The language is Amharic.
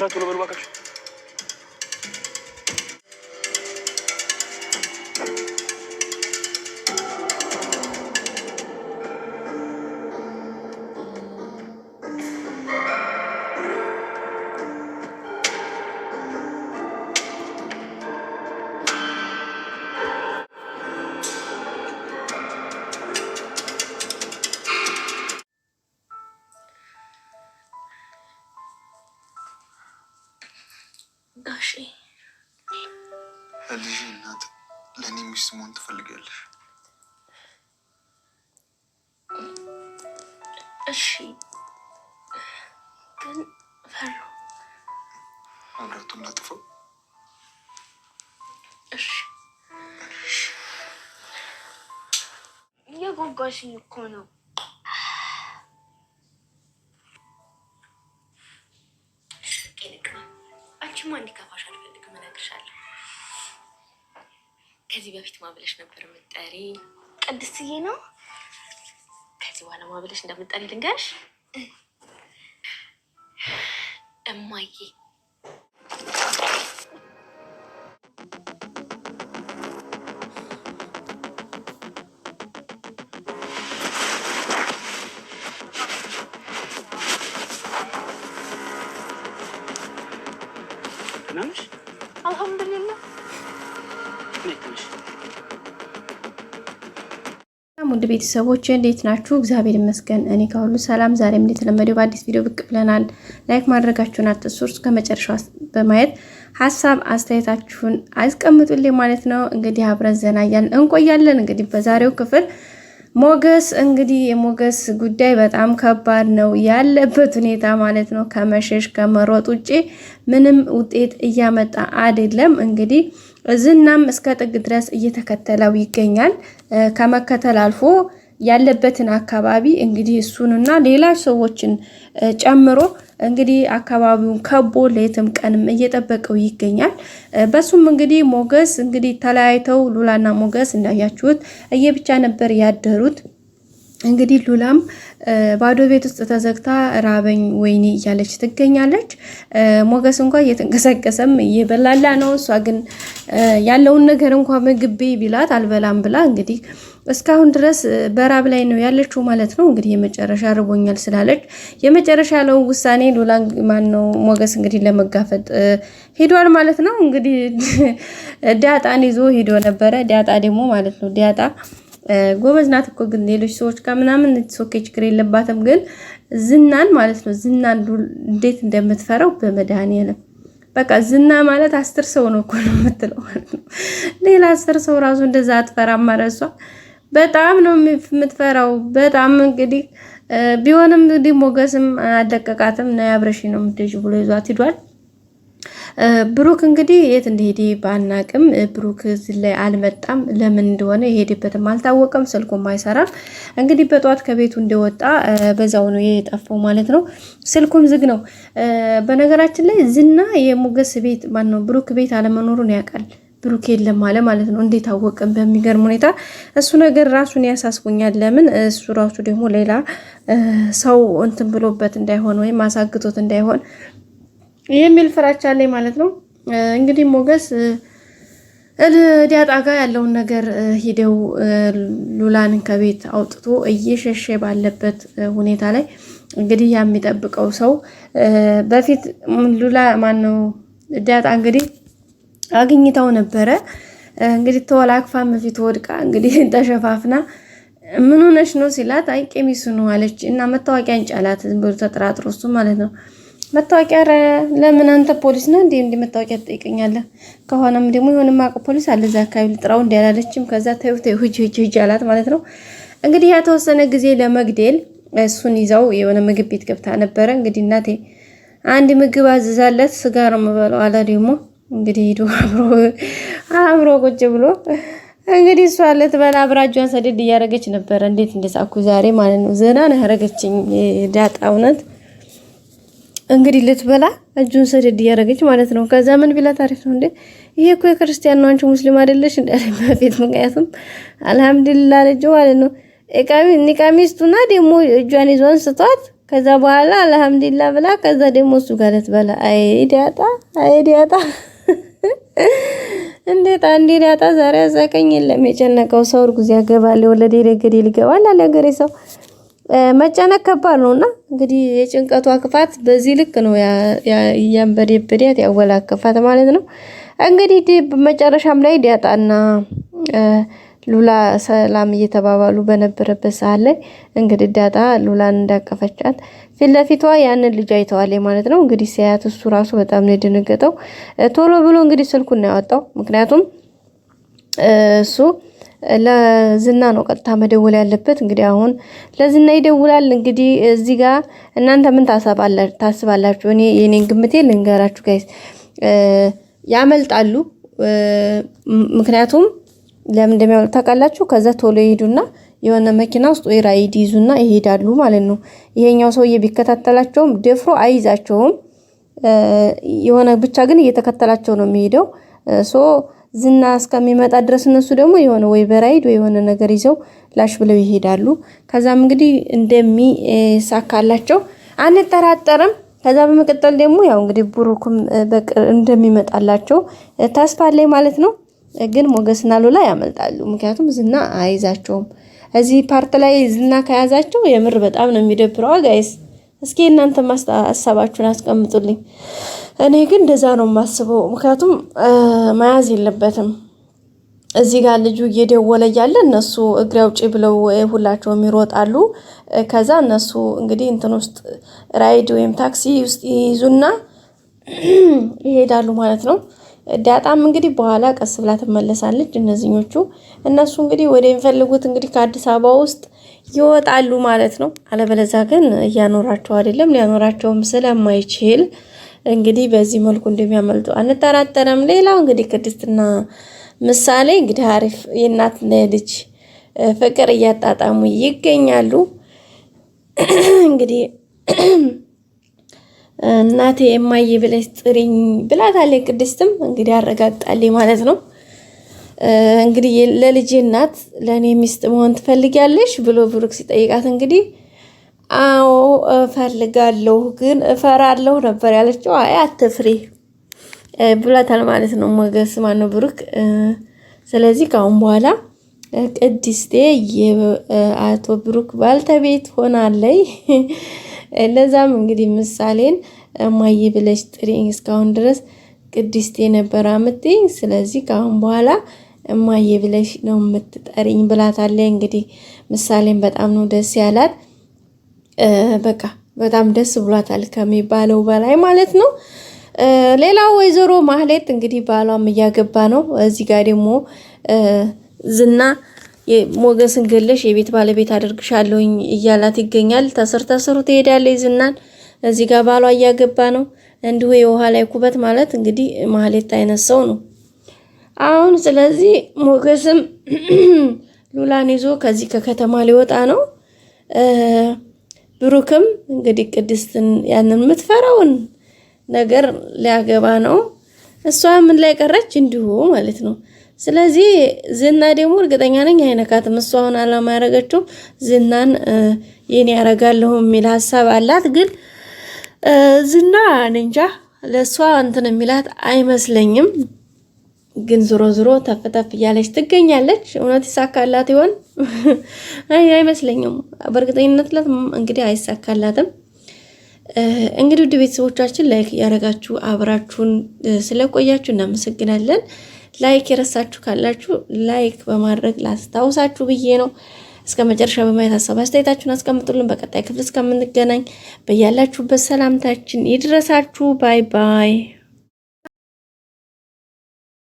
Hayrat bunu bana bakar. እሺ ለልጅ እናት ለእኔ ሚስት መሆን ትፈልጋለሽ? እሺ ግን ፈሩ መብራቱን ላጥፈው። እሺ የጓጓሽኝ እኮ ነው። አንቺማ እንዲከፋሽ አልፈልግም፣ እነግርሻለሁ። ከዚህ በፊት ማብለሽ ነበር የምጠሪ ቅድስትዬ ነው። ከዚህ በኋላ ማብለሽ እንደምጠሪ ልንገርሽ እማዬ ሰላም ውድ ቤተሰቦች እንዴት ናችሁ? እግዚአብሔር ይመስገን እኔ ጋር ሰላም። ዛሬም እንደተለመደው በአዲስ ቪዲዮ ብቅ ብለናል። ላይክ ማድረጋችሁን አትርሱ። ከመጨረሻው በማየት ሀሳብ አስተያየታችሁን አስቀምጡልኝ ማለት ነው። እንግዲህ አብረን ዘና እያልን እንቆያለን። እንግዲህ በዛሬው ክፍል ሞገስ እንግዲህ የሞገስ ጉዳይ በጣም ከባድ ነው ያለበት ሁኔታ ማለት ነው። ከመሸሽ ከመሮጥ ውጭ ምንም ውጤት እያመጣ አይደለም እንግዲህ ዝናም እስከ ጥግ ድረስ እየተከተለው ይገኛል። ከመከተል አልፎ ያለበትን አካባቢ እንግዲህ እሱንና ሌላ ሰዎችን ጨምሮ እንግዲህ አካባቢውን ከቦ ለየትም ቀንም እየጠበቀው ይገኛል። በሱም እንግዲህ ሞገስ እንግዲህ ተለያይተው ሉላና ሞገስ እንዳያችሁት እየብቻ ነበር ያደሩት። እንግዲህ ሉላም ባዶ ቤት ውስጥ ተዘግታ ራበኝ ወይኔ እያለች ትገኛለች። ሞገስ እንኳ እየተንቀሳቀሰም እየበላላ ነው። እሷ ግን ያለውን ነገር እንኳ ቤ ቢላት አልበላም ብላ እንግዲህ እስካሁን ድረስ በራብ ላይ ነው ያለችው ማለት ነው። እንግዲህ የመጨረሻ ርቦኛል ስላለች የመጨረሻ ያለውን ውሳኔ ሉላ ማን ነው ሞገስ እንግዲህ ለመጋፈጥ ሄዷል ማለት ነው። እንግዲህ ዳጣን ይዞ ሄዶ ነበረ። ዳጣ ደግሞ ማለት ነው ዳጣ ጎበዝ ናት እኮ ግን ሌሎች ሰዎች ጋር ምናምን ሶኬ ችግር የለባትም። ግን ዝናን ማለት ነው ዝናን እንዴት እንደምትፈራው በመድኃኔዓለም በቃ ዝና ማለት አስር ሰው ነው እኮ ነው የምትለው ማለት ነው። ሌላ አስር ሰው ራሱ እንደዛ አትፈራም ማለት እሷ በጣም ነው የምትፈራው። በጣም እንግዲህ ቢሆንም እንግዲህ ሞገስም አለቀቃትም። ነይ አብረሽ ነው የምትሄጂው ብሎ ይዟት ሂዷል። ብሩክ እንግዲህ የት እንደሄደ ባናቅም ብሩክ እዚህ ላይ አልመጣም። ለምን እንደሆነ የሄደበትም አልታወቀም። ስልኩም አይሰራም። እንግዲህ በጠዋት ከቤቱ እንደወጣ በዛው ነው የጠፋው ማለት ነው። ስልኩም ዝግ ነው። በነገራችን ላይ ዝና የሞገስ ቤት ማነው ብሩክ ቤት አለመኖሩን ያውቃል። ብሩክ የለም አለ ማለት ነው። እንዴት አወቅም? በሚገርም ሁኔታ እሱ ነገር ራሱን ያሳስቡኛል። ለምን እሱ ራሱ ደግሞ ሌላ ሰው እንትን ብሎበት እንዳይሆን ወይም አሳግቶት እንዳይሆን የሚል ፍራቻ ላይ ማለት ነው። እንግዲህ ሞገስ ዲያጣ ጋር ያለውን ነገር ሂደው ሉላን ከቤት አውጥቶ እየሸሸ ባለበት ሁኔታ ላይ እንግዲህ ያ የሚጠብቀው ሰው በፊት ሉላ ማነው ዲያጣ እንግዲህ አግኝተው ነበረ። እንግዲህ ተወላክፋም በፊት ወድቃ እንግዲህ ተሸፋፍና ምን ሆነሽ ነው ሲላት፣ አይ ቄሚሱ ነው አለች እና መታወቂያ እንጫላት ተጠራጥሮ እሱ ማለት ነው መታወቂያ ኧረ ለምን አንተ ፖሊስ ነህ እንዴ? እንዴ መታወቂያ ትጠይቀኛለህ? ከሆነም ደግሞ የሆነ ማቀ ፖሊስ አለ እዛ አካባቢ ልጥራው እንዴ አላለችም። ከዛ ተይው ተይው ሂጅ ሂጅ ሂጅ አላት ማለት ነው። እንግዲህ ያ ተወሰነ ጊዜ ለመግደል እሱን ይዘው የሆነ ምግብ ቤት ገብታ ነበረ። እንግዲህ እናቴ አንድ ምግብ አዝዛለት ስጋ ነው የምበለው አለ። ደግሞ እንግዲህ ሂዶ አብሮ አብሮ ቁጭ ብሎ እንግዲህ እሷ ልትበላ አብራጇን ሰደድ እያደረገች ነበረ። እንዴት እንደሳኩ ዛሬ ማለት ነው። ዘና ነው ያደረገችኝ ዳጣ እውነት እንግዲህ ልትበላ እጁን ሰደድ እያደረገች ማለት ነው። ከዛ ምን ቢላ ታሪፍ ነው እንዴ? ይሄ እኮ የክርስቲያን ነው፣ አንቺ ሙስሊም አይደለሽ እንዳለ በፊት ምክንያቱም አልሐምዱሊላ ልጅ ማለት ነው ኒቃሚስቱና ደግሞ እጇን ይዞ አንስቷት ከዛ በኋላ አልሐምዱሊላ ብላ ከዛ ደግሞ እሱ ጋር ልትበላ አይ ዲያጣ አይ ዲያጣ እንዴት አንዴ ዲያጣ ዛሬ አዛቀኝ የለም የጨነቀው ሰው እርጉዝ ያገባል ወለዴ የደገዴ ሊገባል አለ አገሬ ሰው መጨነቅ ከባድ ነውና እንግዲህ የጭንቀቷ ክፋት በዚህ ልክ ነው ያንበዴበዴያት ያወላከፋት ማለት ነው። እንግዲህ መጨረሻም ላይ ዲያጣና ሉላ ሰላም እየተባባሉ በነበረበት ሰዓት ላይ እንግዲህ ዳጣ ሉላን እንዳቀፈቻት ፊት ለፊቷ ያንን ልጅ አይተዋል ማለት ነው። እንግዲህ ሲያያት እሱ ራሱ በጣም ነው የደነገጠው። ቶሎ ብሎ እንግዲህ ስልኩን ነው ያወጣው። ምክንያቱም እሱ ለዝና ነው ቀጥታ መደወል ያለበት። እንግዲህ አሁን ለዝና ይደውላል። እንግዲህ እዚህ ጋር እናንተ ምን ታስባላችሁ? እኔ የኔን ግምቴ ልንገራችሁ ጋይስ፣ ያመልጣሉ። ምክንያቱም ለምን እንደሚያመልጡ ታውቃላችሁ? ከዛ ቶሎ ይሄዱና የሆነ መኪና ውስጥ ወይ ራይድ ይዙና ይሄዳሉ ማለት ነው። ይሄኛው ሰውዬ ቢከታተላቸውም ደፍሮ አይዛቸውም። የሆነ ብቻ ግን እየተከተላቸው ነው የሚሄደው ሶ ዝና እስከሚመጣ ድረስ እነሱ ደግሞ የሆነ ወይ በራይድ ወይ የሆነ ነገር ይዘው ላሽ ብለው ይሄዳሉ። ከዛም እንግዲህ እንደሚሳካላቸው አንጠራጠርም። ከዛ በመቀጠል ደግሞ ያው እንግዲህ ብሩክም እንደሚመጣላቸው ተስፋ ላይ ማለት ነው። ግን ሞገስና ሉላ ያመልጣሉ፣ ምክንያቱም ዝና አይዛቸውም። እዚህ ፓርት ላይ ዝና ከያዛቸው የምር በጣም ነው የሚደብረው ጋይስ። እስኪ እናንተ ሀሳባችሁን አስቀምጡልኝ። እኔ ግን እንደዛ ነው የማስበው፣ ምክንያቱም መያዝ የለበትም እዚህ ጋር ልጁ እየደወለ እያለ እነሱ እግሬ አውጪ ብለው ሁላቸውም ይሮጣሉ። ከዛ እነሱ እንግዲህ እንትን ውስጥ ራይድ ወይም ታክሲ ውስጥ ይይዙና ይሄዳሉ ማለት ነው። ዳጣም እንግዲህ በኋላ ቀስ ብላ ትመለሳለች። እነዚኞቹ እነሱ እንግዲህ ወደሚፈልጉት እንግዲህ ከአዲስ አበባ ውስጥ ይወጣሉ ማለት ነው። አለበለዛ ግን እያኖራቸው አይደለም፣ ሊያኖራቸውም ስለማይችል እንግዲህ በዚህ መልኩ እንደሚያመልጡ አንጠራጠረም። ሌላው እንግዲህ ቅድስትና ምሳሌ እንግዲህ አሪፍ የእናት ልጅ ፍቅር እያጣጣሙ ይገኛሉ እንግዲህ እናቴ የማየ ብለሽ ጥሪኝ ብላታለች። ቅድስትም እንግዲህ አረጋግጣለች ማለት ነው። እንግዲህ ለልጄ እናት ለእኔ ሚስት መሆን ትፈልጊያለሽ ብሎ ብሩክ ሲጠይቃት እንግዲህ አዎ እፈልጋለሁ፣ ግን እፈራለሁ ነበር ያለችው። አይ አትፍሪ ብሏታል ማለት ነው። ሞገስ ነው ብሩክ። ስለዚህ ከአሁን በኋላ ቅድስቴ የአቶ ብሩክ ባልተቤት ሆናለይ። ለዛም እንግዲህ ምሳሌን እማዬ ብለሽ ጥሪኝ፣ እስካሁን ድረስ ቅድስት የነበረ ምትኝ፣ ስለዚህ ከአሁን በኋላ እማዬ ብለሽ ነው የምትጠሪኝ ብላታለች። እንግዲህ ምሳሌን በጣም ነው ደስ ያላት። በቃ በጣም ደስ ብሏታል ከሚባለው በላይ ማለት ነው። ሌላው ወይዘሮ ማህሌት እንግዲህ ባሏም እያገባ ነው። እዚህ ጋር ደግሞ ዝና ሞገስን ገለሽ የቤት ባለቤት አደርግሻለሁኝ እያላት ይገኛል። ተስር ተስሩ ትሄዳለች ዝናን። እዚህ ጋር ባሏ እያገባ ነው። እንዲሁ የውሃ ላይ ኩበት ማለት እንግዲህ ማህሌት አይነት ሰው ነው አሁን። ስለዚህ ሞገስም ሉላን ይዞ ከዚህ ከከተማ ሊወጣ ነው። ብሩክም እንግዲህ ቅድስትን ያንን የምትፈራውን ነገር ሊያገባ ነው። እሷ ምን ላይ ቀረች? እንዲሁ ማለት ነው ስለዚህ ዝና ደግሞ እርግጠኛ ነኝ አይነካትም። እሷ አሁን አላማ ያደረገችው ዝናን የኔ ያረጋለሁ የሚል ሀሳብ አላት። ግን ዝና እንጃ ለእሷ እንትን የሚላት አይመስለኝም። ግን ዞሮ ዞሮ ተፍተፍ እያለች ትገኛለች። እውነት ይሳካላት ይሆን? አይመስለኝም። በእርግጠኝነት ላት እንግዲህ አይሳካላትም። እንግዲህ ውድ ቤተሰቦቻችን ላይክ ያደረጋችሁ አብራችሁን ስለቆያችሁ እናመሰግናለን። ላይክ የረሳችሁ ካላችሁ ላይክ በማድረግ ላስታውሳችሁ ብዬ ነው። እስከ መጨረሻ በማየት ሀሳብ አስተያየታችሁን አስቀምጡልን። በቀጣይ ክፍል እስከምንገናኝ በያላችሁበት ሰላምታችን ይድረሳችሁ። ባይ ባይ።